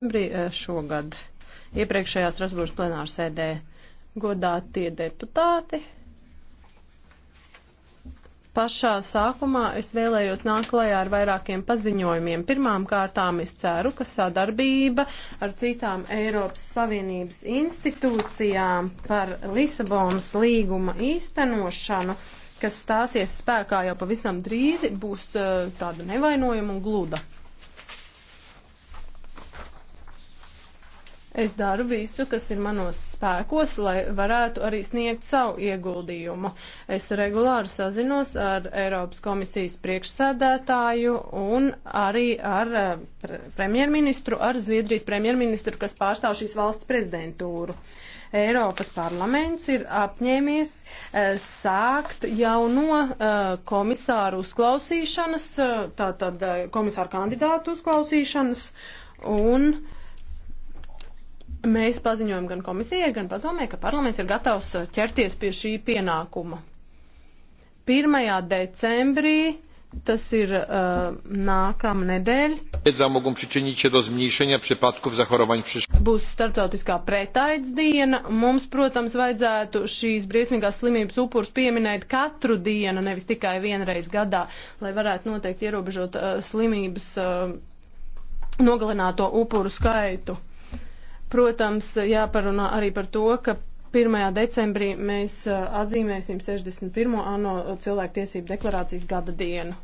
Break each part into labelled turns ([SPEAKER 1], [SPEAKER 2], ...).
[SPEAKER 1] decembrī eh, šogad iepriekšējā Strasbūras plenāra sēdē godātie deputāti. Pašā sākumā es vēlējos nākt klajā ar vairākiem paziņojumiem. Pirmām kārtām es ceru, ka sadarbība ar citām Eiropas Savienības institūcijām par Lisabonas līguma īstenošanu, kas stāsies spēkā jau pavisam drīzi, būs eh, tāda nevainojama un gluda. Es daru visu, kas ir manos spēkos, lai varētu arī sniegt savu ieguldījumu. Es regulāri sazinos ar Eiropas komisijas priekšsēdētāju un arī ar eh, premjerministru, ar Zviedrijas premjerministru, kas pārstāv šīs valsts prezidentūru. Eiropas parlaments ir apņēmies eh, sākt jauno eh, komisāru uzklausīšanas, tātad komisāru kandidātu uzklausīšanas un uh, Mēs paziņojam gan komisijai, gan padomē, ka parlaments ir gatavs ķerties pie šī pienākuma. 1. decembrī Tas ir uh, nākamā nedēļa. Būs starptautiskā pretaids diena. Mums, protams, vajadzētu šīs briesmīgās slimības upurus pieminēt katru dienu, nevis tikai vienreiz gadā, lai varētu noteikti ierobežot uh, slimības uh, nogalināto upuru skaitu. Protams, jāparunā arī par to, ka 1. decembrī mēs uh, atzīmēsim 61. ANO cilvēktiesību deklarācijas gada dienu.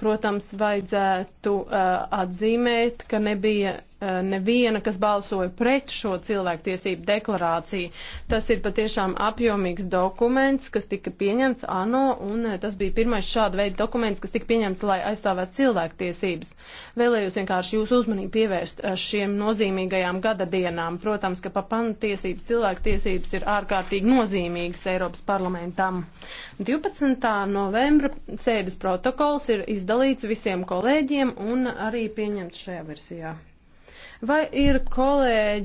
[SPEAKER 1] Protams, vajadzētu uh, atzīmēt, ka nebija Eh, neviena, kas balsoja pret šo cilvēktiesību deklarāciju. Tas ir patiešām apjomīgs dokuments, kas tika pieņemts ANO, un eh, tas bija pirmais šāda veida dokuments, kas tika pieņemts, lai aizstāvētu cilvēktiesības. Vēlējos vienkārši jūsu uzmanību pievērst eh, šiem nozīmīgajām gada dienām. Protams, ka papantiesības cilvēktiesības ir ārkārtīgi nozīmīgas Eiropas parlamentam. 12. novembra sēdes protokols ir izdalīts visiem kolēģiem un arī pieņemts šajā versijā. Vai ir kolēģi